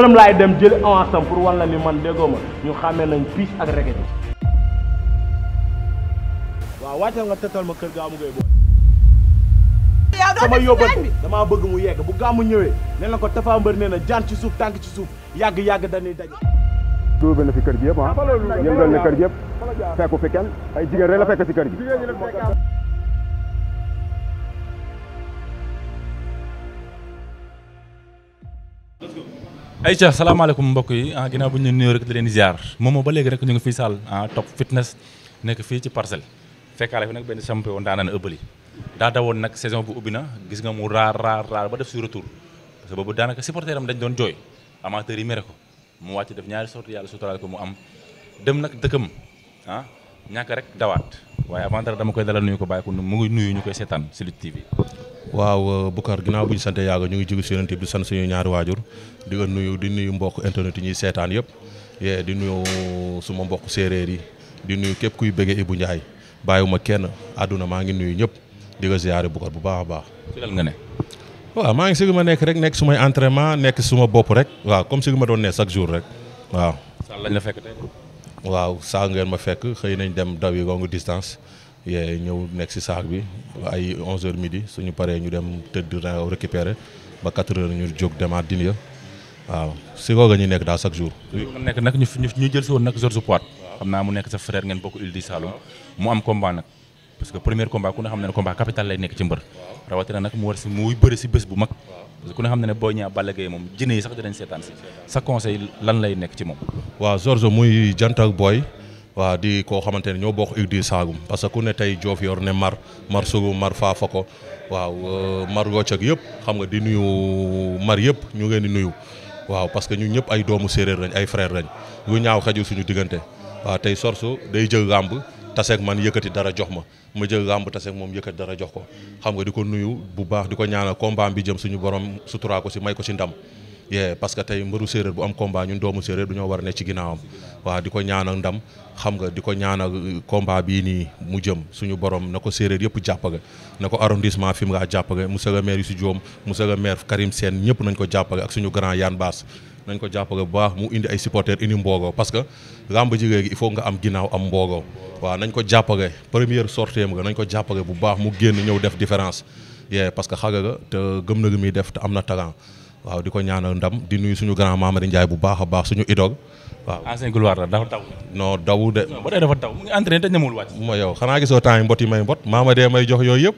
këram laay dem jël avance pour wan la ni man déggoo ñu xàmmee nañ piis ak reket nga tëtal ma kër gaamu ngay boole. sama yóbbal damaa bëgg mu yegg bu gaamu ñëwee nee na ko Tapha Mbeur nee na jaan ci suuf tànk ci suuf yàgg yàgg dañuy daje. duubal na fi kër gi yëpp ah. Ah, yëngal na kër gi yëpp fekku fi kenn ay jigéen rek la fekk si kër gi. ay ayca salaamaaleykum mbokk yi ah ginnaaw bu ñu nuyoo rek di leen ziar moom ba léegi rek ñu ngi fii saal ah fitness nekk fii ci parcelle fekkaale fi nag benn champion daanaan ëbbali daa dawoon nag saison bu ubbi na gis nga mu raar raar ba def su retour parce que bu daanaka supporter am dañ doon jooy amateur yi mere ko mu wàcc def ñaari sorti yàlla suturaal ko mu am dem nag dëkkam ah ñàkk rek dawaat waaye avant dara dama koy dalal nuyu ko bàyyi ko mu ngi nuyu ñu koy seetaan ci Lutte TV waaw euh, Boucar ginaaw bu ñu sant yàlla ñu ngi jóg si yonent bi sant suñu ñaari waajur di nga nuyu di nuyu mbokk internet yi ñuy seetaan yëpp di nuyu suma mbokk séeréer yi di nuyu képp kuy bëggee Ibou Ndiaye ma kenn àdduna maa ngi nuyu ñëpp di nga ziare Boucar bu baax a baax. ci lan ne. maa ngi si li ma nekk rek nekk sumay entraînement nekk suma bopp rek waaw comme si li ma doon nee chaque jour rek waaw. saal la fekk tey. waaw saal ngeen ma fekk xëy nañ dem daw yi longue distance. yee ñëw nekk si saak bi ay 11h midi suñu paree ñu dem tëdd récupérer ba 4h ñu jóg demaat din ya waaw si kooku ñuy nekk daal chaque jour. nekk nag ñu ñu jël si woon nag George Poit. xam naa mu nekk sa frère ngeen bokk Île du Saloum mu am combat nag. parce que premier combat ku ne xam ne ne combat capital lay nekk ci mbër. rawatina nag mu war si muy bëri si bés bu mag. parce que ku ne xam ne ne Boy Niang Balla Gaye moom jëne yi sax dinañ seetaan si. sa conseil lan lay nekk ci moom. waaw George muy jant ak Boy. waaw di koo xamante ne ñoo boo bokk UGD saagum parce que ku ne tey joof yor ne mar mar sugum mar faafa ko waaw euh, mar wocceeg yëpp xam nga di nuyu mar yëpp ñu ngeen di nuyu waaw parce que ñu ñëpp ay doomu séeréer lañ ay frère lañ lu ñaaw xajul suñu diggante waaw tey sorso day jël gàmb taseeg man yëkkati dara jox ma ma jël gàmb taseeg moom yëkkati dara jox ko xam nga di ko nuyu bu baax di ko ñaanal combat bi jëm suñu borom suturaa ko si may ko si ndam yee parce que tey mbëru séeréer bu am combat ñun doomu séeréer du ñoo war a ne ci ginnaawam waaw di ko ñaanal ndam xam nga di ko ñaanal euh, combat bii nii mu jëm suñu borom na ko séeréer yëpp jàppale na ko arrondissement fi mu ngaa jàppale monsieur le maire Youssou Diom monsieur le maire Karim Sène ñëpp nañ ko jàppale ak suñu grand Yann Bass nañ ko jàppale bu baax mu indi ay supporters indi mboogoo parce que làmb ji léegi il faut nga am ginnaaw am mbooloo waaw nañ ko jàppale première sortie nga nañ ko jàppale bu baax mu génn ñëw def différence yee parce que xale la te gëm na li muy def te am na talent waaw di ko ñaanal ndam di nuyu suñu grand Mamadou Ndiaye bu baax a baax suñu idole waaw ancien gloire la taw non daw de ba dee dafa taw mu ngi entraîné te ñamul wàcc ma yow gisoo temps yi yi may mbot Mamadou may jox yooyu yëpp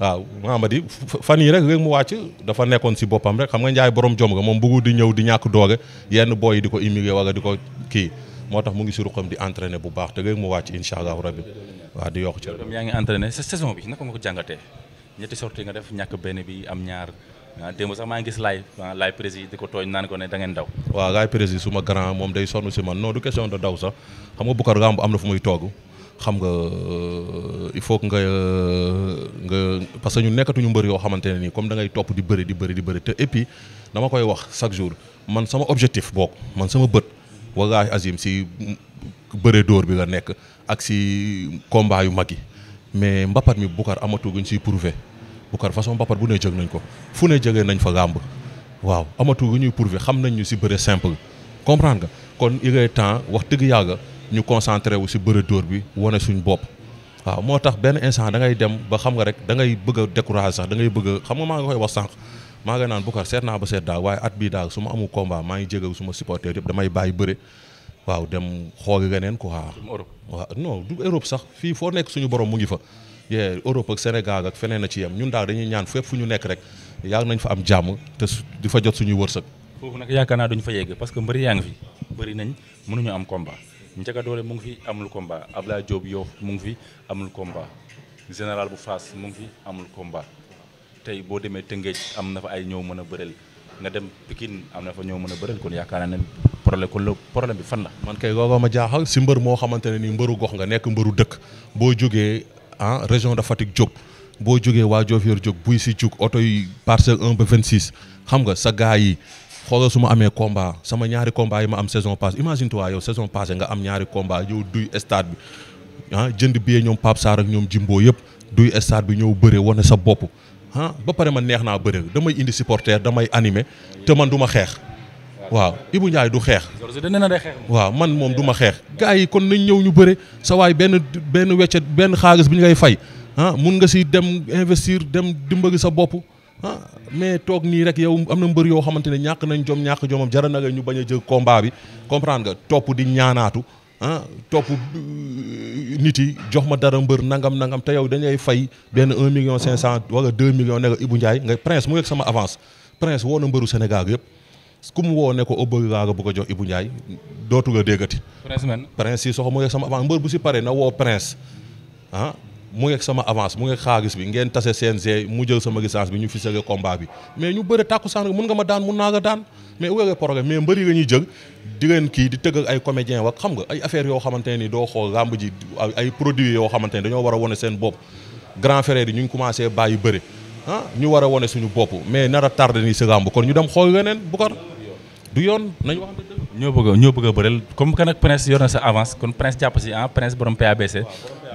waaw Mamadou fan yi rek rek mu wàcc dafa nekkoon si boppam rek xam nga Ndiaye borom jom nga moom bëggu di ñëw di ñàkk dooge yenn booy yi di ko immigré wala di ko kii moo tax mu ngi si ruqam di entraîné bu baax te rek mu wàcc insha allahu rabbi waaw di yokk ci yaa ngi entraîné saison bi naka nga ko jàngatee ñetti sorti nga def ñàkk benn bi am ñaar ah démb sax maa gis laay ah, laay président di ko tooñ naan ko ne da ngeen daw waaw laay président suma grand moom day sonn si man non du question de daw sax xam nga Boucar Gamb am na fu muy toog xam nga euh, il faut que nga euh, nga parce que ñu nekkatuñu mbër yoo xamante ne nii comme da ngay topp di bëri di bëri di bëri te et puis dama koy wax chaque jour man sama objectif boog man sama bët wallaahi azim si bëre dóor bi la nekk ak si combat yu mag yi mais mbapat mi Boucar amatuguñ siy prouver Boucar façon mbapat bu ne jëg nañ ko fu ne jëgee nañ fa gàmb waaw amatu gi ñuy prouver xam nañ ñu si bëre simple comprendre nga kon il temps wax dëgg yàgga ñu concentré wu si bëre dóor bi wane suñ bopp waaw moo tax benn instant da ngay dem ba xam nga rek dangay ngay bëgg a sax dangay ngay bëgg a xam nga maa ngi koy wax sànq maa nga naan Boucar seet naa ba seet daaw waaye at bii daaw su ma amul combat maa ngi jégalu suma supporter yëpp damay bàyyi bëre waaw dem xooli leneen quoi. waaw non du Europe sax fii foo nekk suñu borom mu ngi fa yee Europe ak Sénégal ak feneen a ci yam ñun daal dañuy ñaan fépp fu ñu nekk rek yàlla nañ fa am jàmm te di fa jot suñuy wërsëg. foofu nag yaakaar naa duñ fa yegg parce que mbëri yaa ngi fi bëri nañ mënuñu am combat Ndiaga Dolé mu ngi fi amul combat Abdoulaye Diop Yoff mu ngi fi amul combat général bu Fass mu ngi fi amul combat tey boo demee Tëngéej am na fa ay ñëw mën a bëreel nga dem Pikine am na fa ñëw mën a bëreel yaakaar naa ne problème kon la bi fan la. man kay looloo ma jaaxal si mbër moo xamante ne nii mbëru gox nga nekk mbëru dëkk boo jógee ah région de Fatick jóg boo jógee waa Diofior jóg buy si jóg oto yi parcelle 1 ba 26 xam nga sa gars yi xoolal su ma amee combat sama ñaari combat yi ma am saison passée imagine toi yow saison passée nga am ñaari combat yow duy stade bi ah jënd billet ñoom Pape Sarr ak ñoom jimboo yëpp duy stade bi ñëw bëre wane sa bopp ah ba pare ma neex naa bëre damay indi supporter damay animé te man duma xeex. waaw Ibou Ndiaye du xeex. waaw man moom du ma xeex. gars yi kon nañ ñëw ñu bëre sa waay benn benn weccet benn xaalis bi ñu ngay fay ah mun nga si dem investir dem dimbali sa bopp ah mais toog nii rek yow am na mbër yoo xamante ne ñàkk nañ jom ñàkk jomam jara na nga ñu bañ a jël combat bi comprendre topp di ñaanaatu ah topp euh, nit yi jox ma dara mbër nangam nangam te yow dañuy fay benn 1 million 500 wala 2 millions ne nga Ibou Ndiaye nga Prince mu yegg sama avance Prince woo na mbëru Sénégal yëpp. ku mu woo ne ko ëbbëri laa nga bëgg a jox Ibou Ndiaye dootu la déggati. prince man prince soxo mu ngeeg sama avance mbër bu si pare na woo prince ah, mu ngeeg sama avance mu ngeeg xaalis bi ngeen tase CNG mu jël sama licence bi ñu fi fisale combat bi mais ñu bëre tàkku saan mun nga ma daan mun naa la daan mais wéere programme mais mbëri la ñuy jël di leen kii di tëgg ay comédien wak xam nga ay affaire yoo xamante ne doo xool làmb ji ay produits yoo xamante ne dañoo war a wane seen bopp grand frère ñu ngi commencé bàyyi bëre ah ñu war a wane suñu bopp mais nar a tardé nii si làmb kon ñu dem xool leneen bu du yoon nañu wax ñoo bëgg a ñoo bëgg a bëreel comme que nag prince yor na sa avance kon prince jàpp si ah prince borom PABC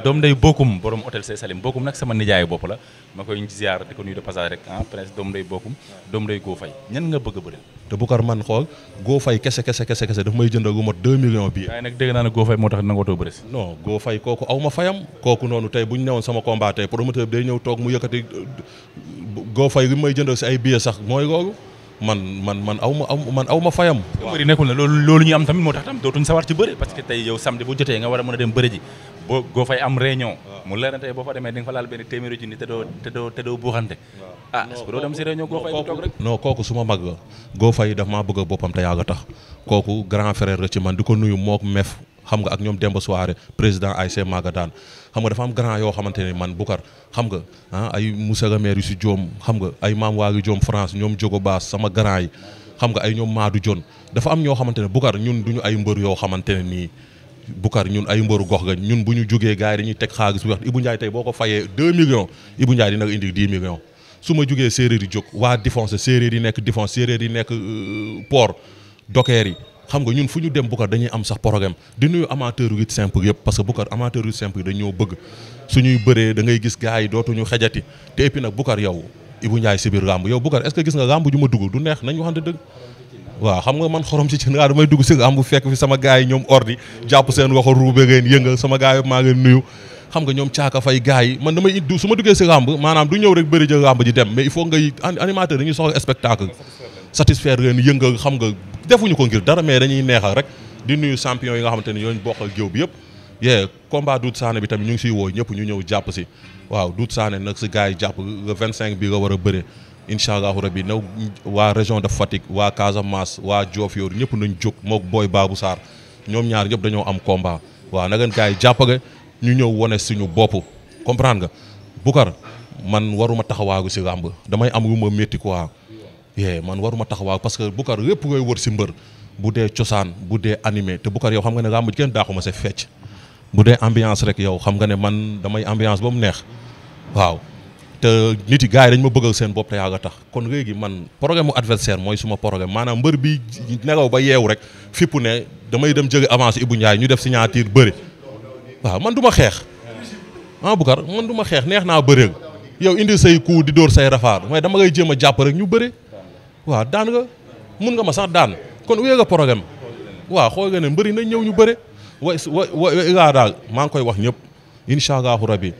doom day bokkum borom hôtel Sey Salim bokkum nag sama nijaayu bopp la ma koy ziar di ko nuyu de passage rek ah, prince doom day bokkum doom day goo fay ñan nga bëgg bëreel te Boucar man xool goo fay kese kese kese kese daf may jëndal gu mot 2 millions bi waaye nag dégg naa ne goo fay moo tax nangootoo bëri si non goo fay kooku aw ma fayam kooku noonu tey mooy loolu man man man aw ma aw man aw ma fayam. waaw bëri nekkul ne loolu loolu ñu am tamit moo tax tam dootuñ sawar ci bëri parce que tey yow samedi bu jotee nga war a mën a dem bëri ji boo goo fay am réunion. mu leer na tey boo fa demee di nga fa laal benn téeméeri junni te doo te doo te doo buuxante. ah est doo dem si réunion goo fay toog rek. non kooku su mag goo fay daf maa bëgg boppam te yàgg tax kooku grand frère la ci man di ko nuyu mook mef xam nga ak ñoom Demba Soare président ASC Magadan xam nga dafa am grand yoo xamante ne man Boucar xam nga ah ay Moussa Gamère yu si Diom xam nga ay Maam Waagi Diom France ñoom Jogo Baas sama grand yi xam nga ay ñoom Maadou jon dafa am ñoo xamante ne Boucar ñun duñu ay mbër yoo xamante ne nii Boucar ñun ay mbëru gox gañ ñun bu ñu jugee gars yi dañuy teg xaalis bu wax Ibou Ndiaye tey boo ko fayee 2 millions Ibou Ndiaye dina indi di millions su ma jugee séeréer yi jóg waa défense séeréer yi nekk défense séeréer euh, yi nekk port dokeer yi xam nga ñun fu ñu dem Boucar dañuy am sax programme di nuyu amateur lutte simple yëpp parce que Boucar amateur lutte simple yi dañoo bëgg suñuy bëree da gis gars yi dootuñu xejati te et puis nag Boucar yow Ibou Ndiaye si biir làmb yow Boucar est-ce que gis nga làmb ju ma dugg du neex nañ waxante dëgg waaw xam nga man xorom si cin gaa damay dugg si làmb fekk fi sama gars yi ñoom ordi jàpp seen waxo ruube ngeen yëngal sama gars yi maa ngeen nuyu xam nga ñoom caaka fay gars yi man damay su maanaam du ñëw rek bëri jël làmb ji dem mais il faut ngay animateur dañuy soxla satisfaire leen yëngal xam nga defuñu ko ngir dara mais dañuy neexal rek di nuyu champion yi nga xamante ni ñooñu bokkal géew yëpp yee combat Doudou Sané bi ñu ngi siy woo ñëpp ñu ñëw jàpp si waaw Doudou Sané nag si gars jàpp jàpp vingt cinq bi nga war a bëre incha allahu rabi naw waa région de Fatick waa Casamance waa yoor ñëpp nañu jóg mook booy Babou saar ñoom ñaar ñëpp dañoo am combat waa na ngeen gars yi jàppale ñu ñëw wane suñu bopp comprend nga Boucar man waruma taxawaagu si làmb damay am lu ma yee man waruma taxawaaw parce que Boucar yëpp ngay wër si mbër bu dee cosaan bu dee anime te Boucar yow xam nga ne làmb ji kenn daaxuma sa fecc bu dee ambiance rek yow xam nga ne man damay ambiance ba mu neex waaw te nit yi gars yi dañ ma bëggal seen bopp te yaa nga tax kon léegi man programme mu adversaire mooy suma programme maanaam mbër bi nelaw ba yeewu rek fipp ne damay dem jëge avance Ibou Ndiaye ñu def si signature bëri waaw man du ma xeex ah Boucar man du ma xeex neex naa bëreeg yow indi say coup di dóor say rafaar mooy dama ngay jéem a jàpp rek ñu bëri waaw daan nga mun nga ma sax daan kon uyee nga programme waaw xool nga ne mbëri nañ ñëw ñu bëre wa wa wa daal maa ngi koy wax ñëpp incha allahu rabi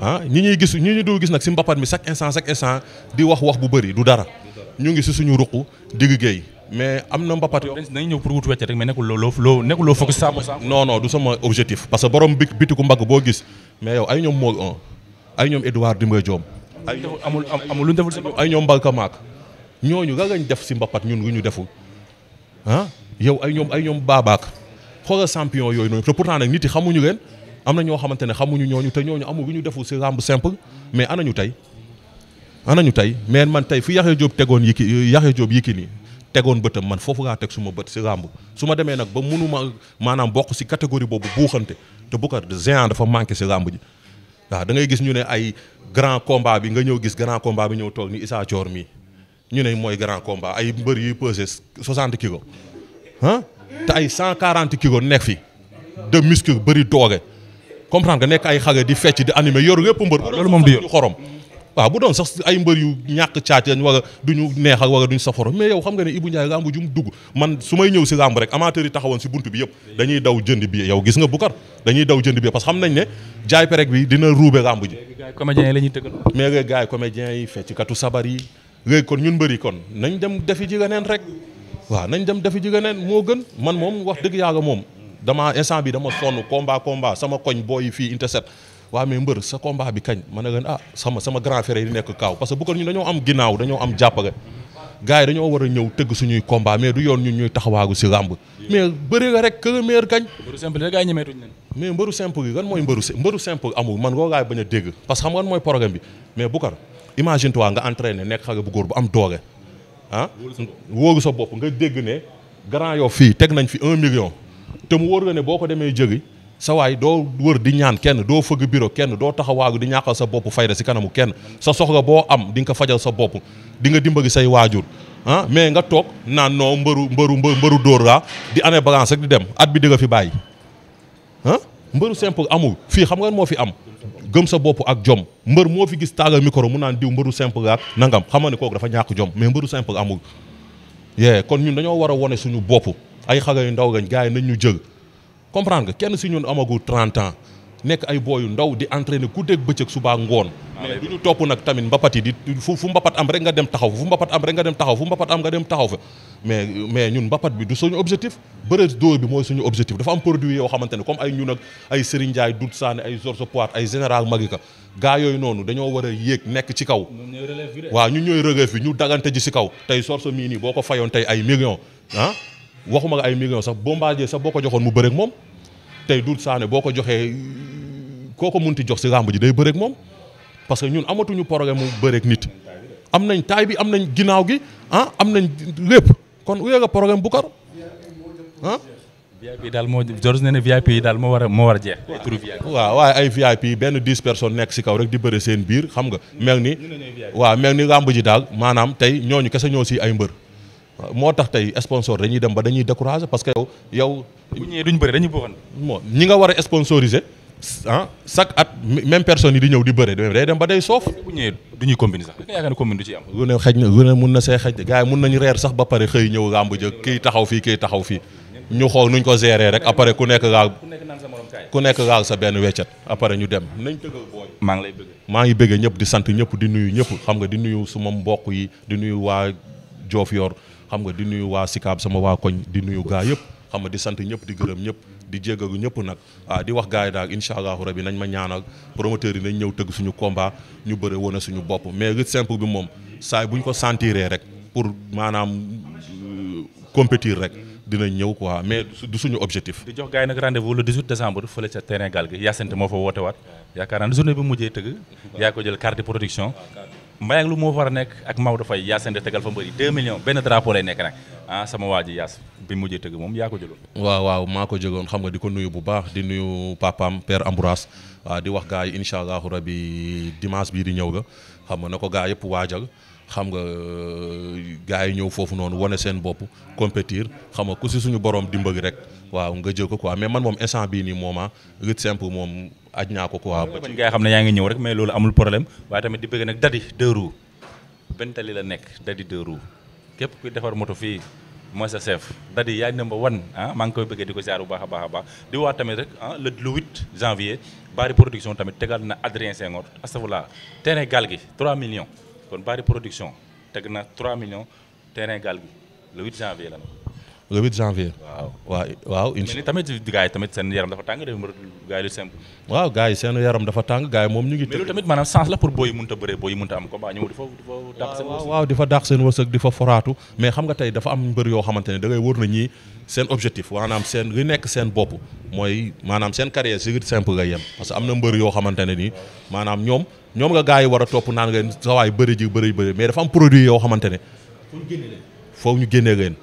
ah ñi ñuy gis ñi ñu doo gis nag si mbapat mi chaque instant chaque instant di wax wax bu bëri du dara ñu ngi si suñu ruq digg géey mais am na mbapat yoo nañ ñëw pour wut wecc rek mais nekkul loo loo nekkul loo focus non non du sama objectif parce que borom bi bitiku mbagg boo gis mais yow ay ñoom mool un ay ñoom Edouard Dimba Diom ay amul amul lu ñu deful ay ñoom Mbalka Maak ñooñu nga lañ def si mbapat ñun lu ñu deful ah yow ay ñoom ay ñoom baabaak xoolal champion yooyu noonu te pourtant nag nit yi xamuñu leen am na ñoo xamante ne xamuñu ñooñu te ñooñu amul lu ñu deful si làmb simple mais anañu tey ñu tey mais man tey fi Yaxya Jóob tegoon yi ki Yaxya Jóob yi ki nii tegoon bëtam man foofu laa teg suma bët si làmb su ma demee nag ba mënuma maanaam bokk si catégorie boobu buuxante te bu ko géant dafa manqué si làmb ji waaw da ngay gis ñu ne ay grand combat bi nga ñëw gis grand combat bi ñëw toog ni Issa Thior ñu ne mooy grand combat ay mbër yuy pesé 60 kilo ah te ay 140 kilo nekk fi de muscle bari dooge comprendre nga nekk ay xale di fecc di animé yor yëpp mbër. loolu moom du yor xorom. waaw bu doon sax ay mbër yu ñàkk caac lañ wala duñu neex ak wala duñu saf xorom mais yow xam nga ne Ibou Ndiaye làmb ju mu dugg man su may ñëw si làmb rek amateur yi taxawoon si bunt bi yëpp dañuy daw jënd bi yow gis nga Boucar dañuy daw jënd bi parce que xam nañ ne jaay perek bi dina ruube làmb ji. mais léegi gars yi comédien yi fecc katu sabar yi léegi kon ñun mbëri kon nañ dem defi ji ganeen rek waaw nañ dem defi ji ganeen moo gën man moom wax dëgg yàlla moom dama instant bi dama sonn combat combat sama koñ booyi fii interset waaw mais mbër sa combat bi ma ne leen ah sama sama grand frère yi nekk kaaw parce que bu ko ñu dañoo am ginnaaw dañoo am jàppale gars yi dañoo tëgg suñuy combat mais du yoon ñun ñuy taxawaagu si làmb mais bëri la rek que le meilleur gagne mbëru simple rek gaa ñemeetuñ leen mais mbëru mooy mbëru mbëru simple amul man koo gaay bañ a dégg parce que xam nga mooy programme bi mais Boucar imagine toi nga entraîné nekk xale bu góor bu am doole ah sa bopp nga dégg ne Grand Yoff fii teg nañ fi un million te mu wóor la ne boo ko demee jëri sa waay doo wër di ñaan kenn doo fëgg bureau kenn doo taxawaagu di ñaaxal sa bopp fayda si kanamu kenn sa soxla boo am di nga ko fajal sa bopp di nga dimbali say waajur ah mais nga toog naan noo mbëru mbëru mbëru dóor laa di année balance rek di dem at bi di nga fi bàyyi ah? mbëru simple amul fii xam nga moo fi am gëm sa bopp ak jom mbër moo fi gis tàllal micro mu naan diw mbëru simple gaa ak nangam xam nga ne kooku dafa ñàkk jom mais mbëru simple amul yee kon ñun dañoo war a wone suñu bopp ay xale yu ndaw gañ gars yi nañ ñu jël comprendre kenn si ñun amagul 30 ans nekk ay booyu ndaw di entraîner ku dégg bëccëg subaa ngoon ah, mais ñu topp nag tamit mbapat yi di fu fu mbapat am rek nga dem taxaw fu mbapat am rek nga dem taxaw fu mbapat am nga dem taxaw fa mais mais ñun mbapat bi du suñu objectif bëre dóor bi mooy suñu objectif dafa am produit yoo xamante ne comme ay ñun ak ay Serigne Ndiaye Doudou Sané ay Georges Poitre ay Général Malika gaa yooyu noonu dañoo war a yéeg nekk ci kaw waa ñu ñooy relève bi ñu dagante ji si kaw tey sorso mii nii boo ko fayoon tey ay millions ah waxuma nga ay millions sax Bombardier sax boo ko joxoon mu bëreek moom tey Doudou Sané boo ko joxee koo ko munti jox si làmb ji day bëreeg moom parce que ñun amatuñu problème mu bëreeg nit. am nañ taay bi am nañ ginnaaw gi ah am nañ lépp kon uyee nga programme bu kar ah. VIP yi daal moo George nee na VIP yi daal moo war a moo war a jeex. waa waaye ay VIP benn dix personnes nekk si kaw rek di bëre seen biir xam nga. mel ni waa mel ni làmb ji daal maanaam tey ñooñu kese ñoo si ay mbër. moo tax tey sponsor dañuy dem ba dañuy découragé parce que yow yow. bu ñëwee duñ bëri dañuy bëggoon. bon ñi nga war a sponsoriser ah chaque at même personne yi di ñëw di bëre day dem ba day soof. bu ñëwee du ñuy combine sax yaakaar ne na mun na see xëj gars yi mun nañu reer sax ba pare xëy ñëw làmb jëkk kii taxaw fii kii taxaw fii ñu xool nuñ ko gérer rek après ku nekk laal ku nekk laal sa benn weccat après ñu dem nañ tëggal booy. maa ngi lay bëgg maa ngi bëgg ñëpp di sant ñëpp di nuyu ñëpp xam nga di nuyu suma mbokk yi di nuyu waa Diofior xam nga di nuyu waa Sikaab sama waa koñ di nuyu gaa yëpp xam nga di sant ñëpp di gërëm ñëpp di jeg jéggagu ñëpp nag ah di wax gars yi daal incha allahu rabi nañ ma ñaana promoteur yi nañ ñëw tëgg suñu combat ñu bëre wane suñu bopp mais lutte simple bi moom saay bu ñu ko sentiree rek pour maanaam euh, compétir rek dinañ ñëw quoi mais du suñu objectif. di jox gars yi nag rendez-vous le 18 décembre fële ca terrain gaal gi Yacine moo fa woote waat yaakaar naa ne journée yaa ko jël carte production. Mbayang lu moo war a nekk ak Maodo Faye yaa seen de tegal fa mbëri 2 millions benn drapeau lay nekk nag ah, sama waa ji yaas bi mujjee tëgg moom yaa ko jëloon waaw waaw maa ko jógoon xam nga di ko nuyu bu baax di nuyu papaam père Ambroise waaw ah, di wax gars yi incha allahu rabi dimanche bii di ñëw ga xam nga na ko gaa yëpp waajal xam nga euh, gars yi ñëw foofu noonu wane seen bopp competir xam nga ku si suñu borom dimbali rek waaw nga jël ko ko mais man moom instant bii nii mooma ah, rite simple moom aj naa ko quoi. ba ci nga xam ne yaa ngi ñëw rek mais loolu amul problème waaye tamit di bëgg nag dadi deux roues benn la nekk dadi deux képp kuy defar moto fii mooy sa chef dadi yaay number one ah maa ngi koy bëggee di ko ziar bu baax a baax a baax di waat tamit rek ah le le 8 janvier production tamit tegal na Adrien Senghor astafurlah terrain gaal gi 3 millions kon Bari production teg na 3 millions terrain gaal gi le 8 janvier la. le 8 janvier. waaw waaw waaw. incha tamit gars yi tamit seen yaram dafa tàng de gars yi simple. waaw gars yi seen yaram dafa moom ñu ngi. mais tamit maanaam sens la pour booy yi mënut a bëree booy yi mënut a am nga tey dafa am mbër yoo xamante ne da ngay na ñii seen objectif maanaam seen li nekk seen bopp mooy maanaam seen carrière si simple ngay yem parce que am na mbër yoo xamante ne nii maanaam ñoom ñoom nga gars yi war a topp naan nga sawaay bëri ji bëri bëri mais dafa am produit yoo xamante ne foo ñu génnee leen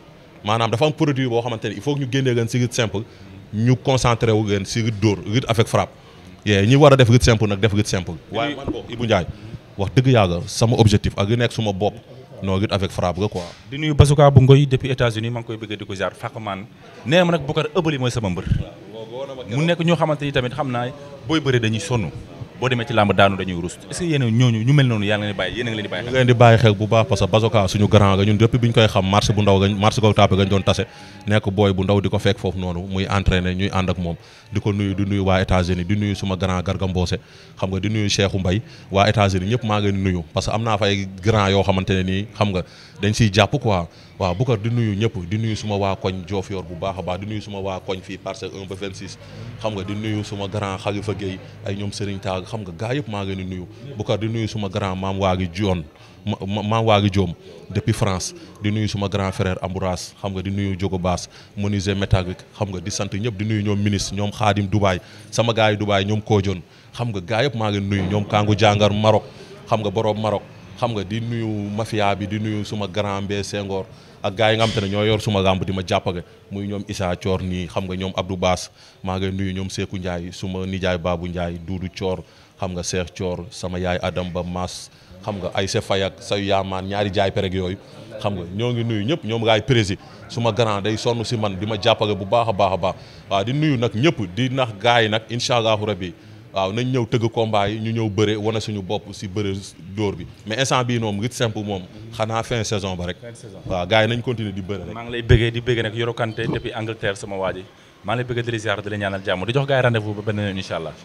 maanaam dafa am produit boo xamante ni il faut que ñu génnee leen si lutte simple ñu concentré wu si lutte dóor lutte avec frappe yee ñi war a def lutte simple nag def lutte simple waaye man boobu Ibou Ndiaye wax dëgg yàlla sama objectif ak li nekk suma bopp noo lutte avec frappe la quoi di nuyu basuka bu ngoy depuis États-Unis ma koy bëggee di ko jaar fàqmaan nee ma nag Boucar Eubeuli mooy sama mbër mu nekk ñoo xamante ni tamit xam naa booy bëri dañuy sonn boo demee ci làmb daanu dañuy rus est mel noonu yàlla ngeen di bàyyi yéen a ngi leen di bàyyi xel. leen di bàyyi xel bu baax parce que Bazoka suñu grand ga ñun depuis bi ñu koy xam marché bu ndaw gañ marché ko tapé gañ doon tase nekk booy bu ndaw di ko fekk foofu noonu muy entraîné ñuy ànd ak moom di ko nuyu di nuyu waa États-Unis di nuyu suma grand Garga Mbossé xam nga di nuyu Cheikhou Mbaye waa États-Unis ñëpp maa ngi nuyu parce que am naa fay grand yoo xamante ne nii xam nga dañ siy jàpp quoi waaw Boucar di nuyu ñëpp di nuyu suma waa koñ Diofior bu baax a baax di nuyu suma waa koñ fii parcelle 1 ba 26 xam nga di nuyu suma grand Khalifa Gueye ay ñoom Serigne Tag xam nga gaa yëpp maa ngi leen di nuyu Boucar nuyu suma grand maam waa gi Dione maam waa gi Diom depuis France di nuyu suma grand frère xam nga di nuyu Jogo Baas menuisier métallique xam nga di sant ñëpp di nuyu ñoom ministre ñoom Khadim Dubaay sama gars yi Dubaay ñoom Kodion xam nga gaa yëpp maa ngeen nuyu ñoom Kangu jàngar Maroc xam nga boroom Maroc xam nga di nuyu mafia bi di nuyu suma grand mbee Senghor ak gars yi nga te ne ñoo yor suma gàmb di ma jàppale muy ñoom Issa nii xam nga ñoom Abdou Baas maa ngay nuyu ñoom Seeku Ndiaye suma nijaay Babou Ndiaye Doudou Thior xam nga Cheikh Thior sama yaay Adam Ba Maas xam nga ay sa fay ak yaamaan ñaari jaay pereg yooyu xam nga ñoo ngi nuyu ñëpp ñoom gaay prési suma grand day sonn si man di ma jàppale bu baax a baax a baax waaw di nuyu nag ñëpp di nax gars yi nag incha allahu rabbi waaw nañ ñëw tëgg combat yi ñu ñëw bëre wane suñu bopp si bëre dóor bi mais instant bii noom ngit simple moom xanaa fin saison ba rek waaw gars yi nañ continuer di bëre rek maa ngi lay bëggee di bëggee nag Yoro Kanté depuis Angleterre sama waa ji maa ngi lay bëggee di la ziar di la ñaanal jàmm di jox gars yi rendez ba benn yoon incha allah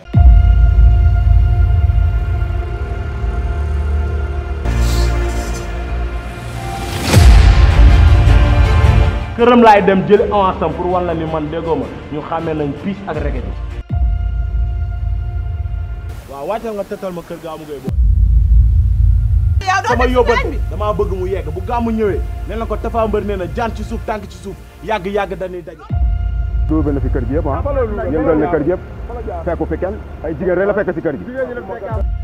la ni man déggoo ma waaw wàccal nga tëtal ma kër gaamu ngay booy. sama yóbbal damaa bëgg mu yegg bu gaamu ñëwee nee na ko Tapha Mbeur nee na jaan ci suuf tànk ci suuf yàgg yàgg dañuy daje. duubal na fi kër gi yëpp ah, ah yëngal na kër gi yëpp fekku fi kenn ay jigéen rek la fekk si kër gi.